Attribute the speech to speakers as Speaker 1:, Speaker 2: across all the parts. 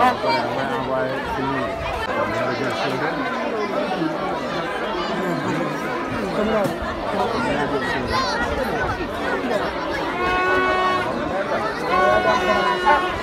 Speaker 1: après may envoyé suñu rajo Sodène rajo Sodène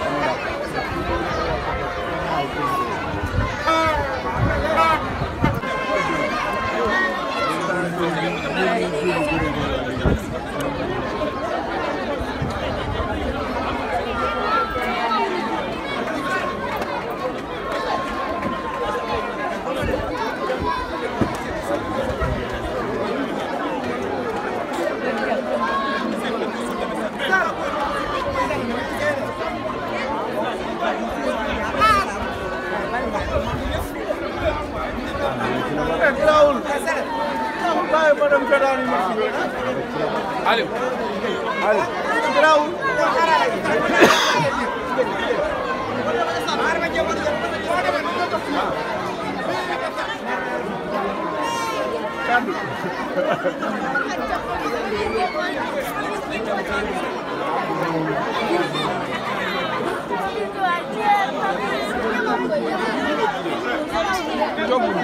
Speaker 1: Çok bunlar.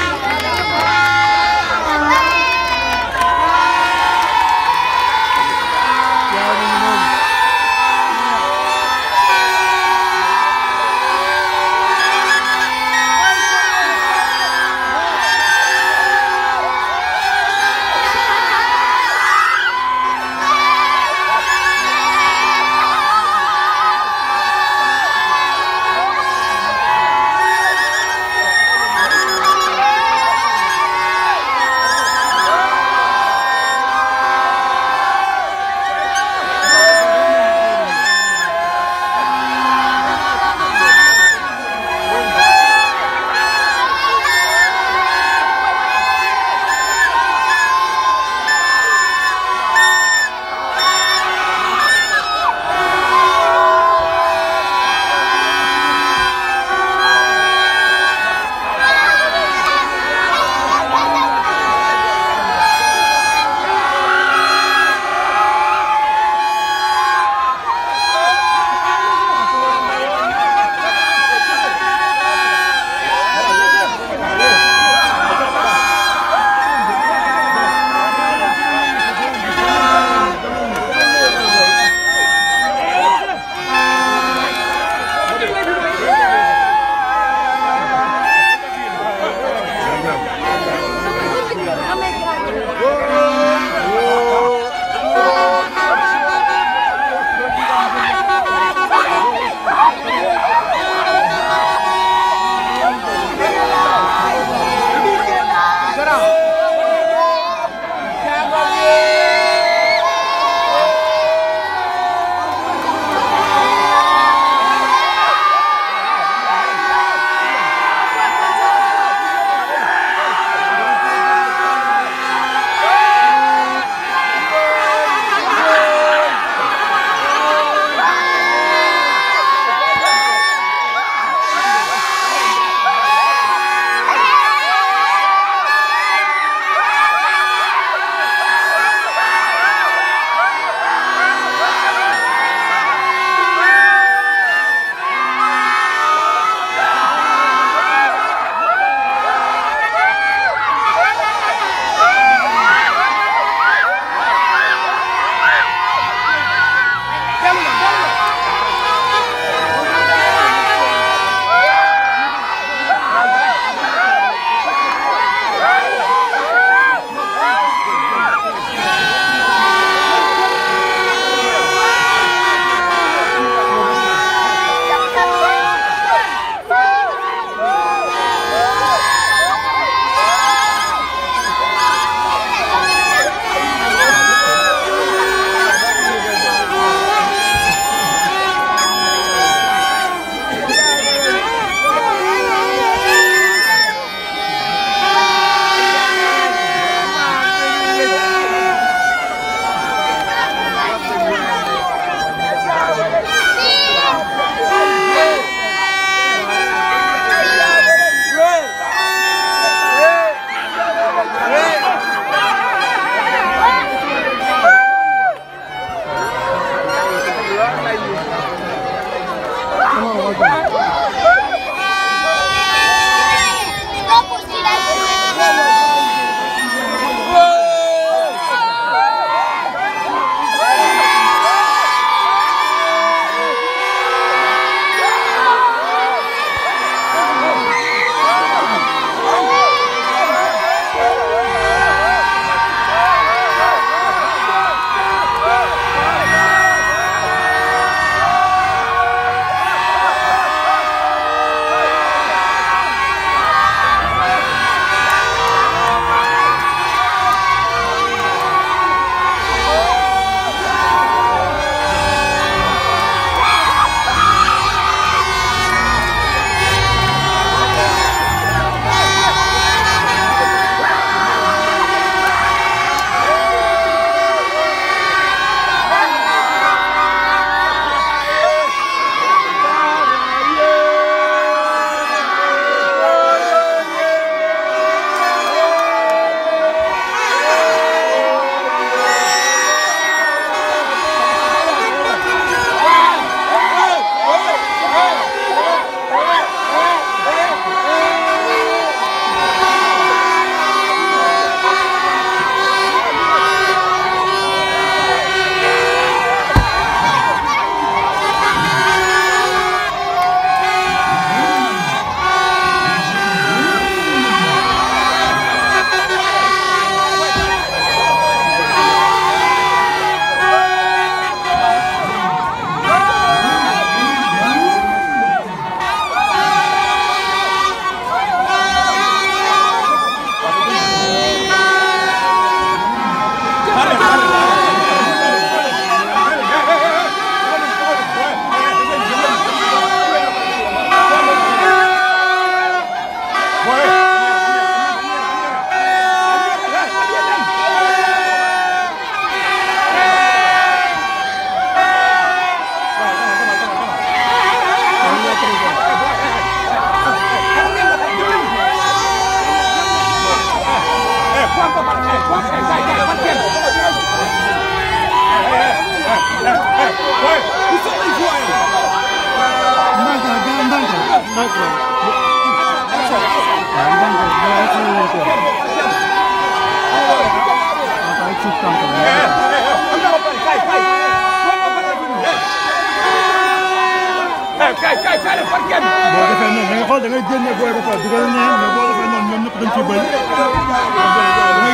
Speaker 1: génne booy ba pare dugal ñaar mais boo defee ñoom ñoom ñëpp dañ ciy bëri dangay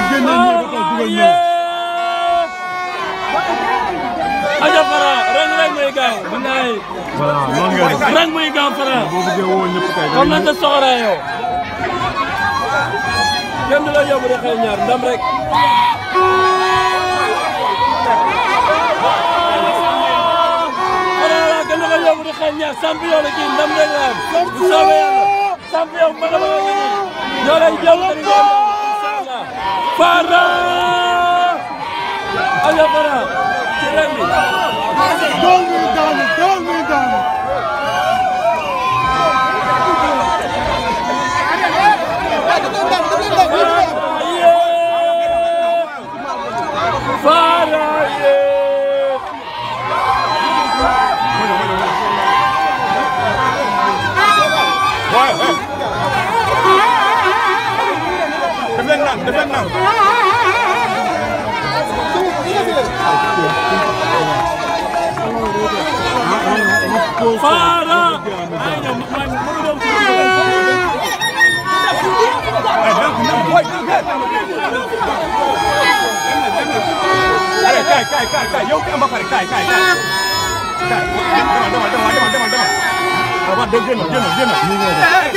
Speaker 1: génne ñii ba pare dugal ñaar. Aja Fara rang rang mooy gaaw mën naa ye. voilà noonu nga def rang mooy gaaw Fara. boo bëggee woo ñëpp kay. comme nan nga soxoree yow. kenn du la yóbbu rek ay ñaar ndam rek. Fara la kenn du la yóbbu rek ay ñaar champion la kii ndam rek la am. bu soobee yàlla. champion magam a ngi nii ñoo lay jël kër yi inshallah Fara Aja dool muy daanu dool muy daanu Para! Cara, cai, cai, cai, cai. Eu quero uma cara, cai, cai, cai. Cai, dema, dema, dema, dema, dema. Agora deu, dema, dema, dema.